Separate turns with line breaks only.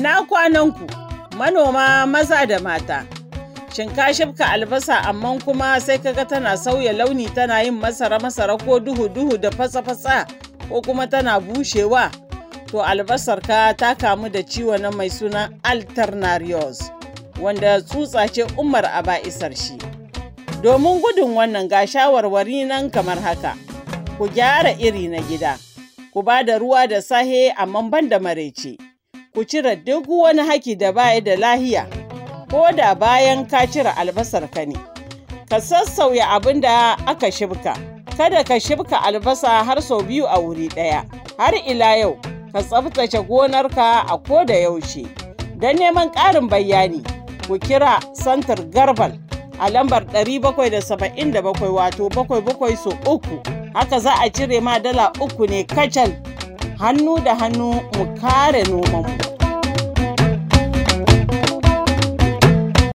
Ina kwananku, manoma maza da mata. Shin ka shifka albasa amma kuma sai kaga tana sauya launi tana yin masara-masara ko duhu-duhu da fasa-fasa ko kuma tana bushewa? To albasar ka ta kamu da ciwo na mai suna alternarios wanda tsutsa ce umar a ba'isar shi. Domin gudun wannan ga shawarwari nan kamar haka, ku gyara iri na gida, ku ba da ruwa da sahe amma ban da mare ce. ku cire duk wani haki da baya da lahiya ko da bayan ka cire albasar ka ne ka sassauya abin da aka shibka kada ka shibka albasa har sau biyu a wuri ɗaya har ila yau ka tsabtace gonarka a ko da yaushe don neman ƙarin bayani ku kira santar garbal a lambar 777 wato 77 so uku haka za a cire ma dala uku ne kacal hannu da hannu mu kare nomanmu.